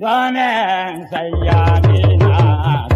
Ganesh, Sayyamina.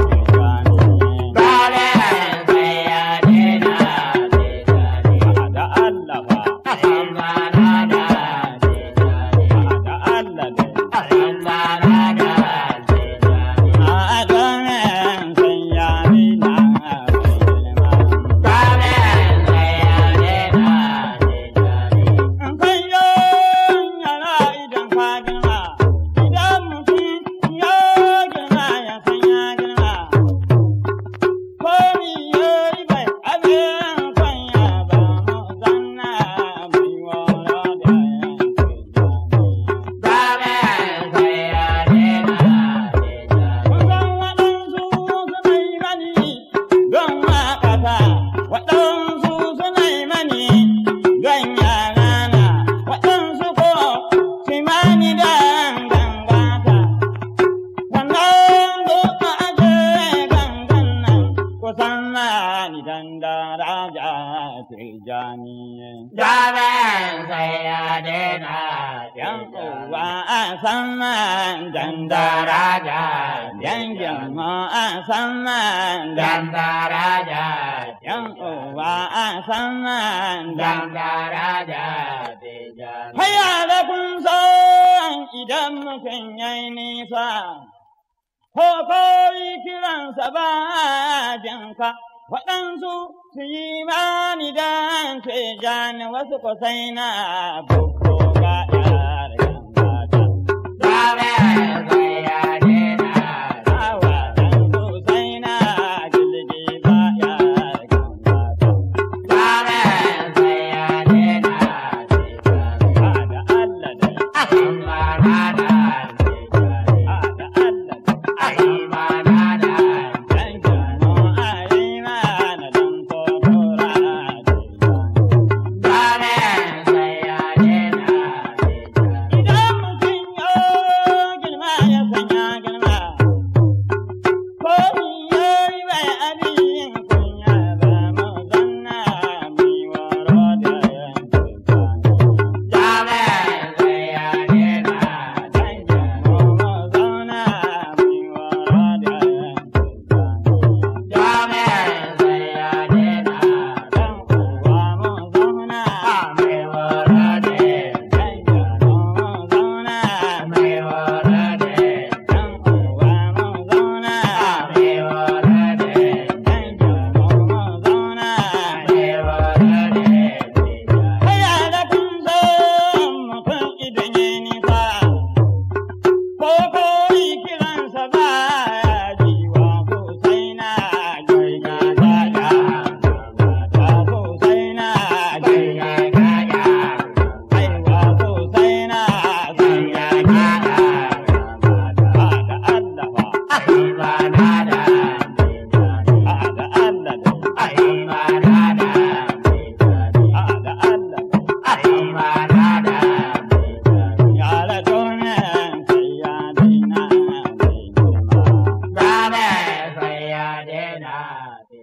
da raja tirjani. Jaban ya daina yan kowa a saman danda raja, yan jama a saman danda raja, yan kowa a saman danda raja tirjani. Haya da kun san idan mutum yayi nisa, ko kawai kiransa ba jinka. waɗansu su yi mani dan tijani wasu kwasai na bukko ga ɗar gangata. Zame zayyane na zawa dan kusai na jirgi ba yar gangata. Zame zayyane na tijani ba da Allah da đà thì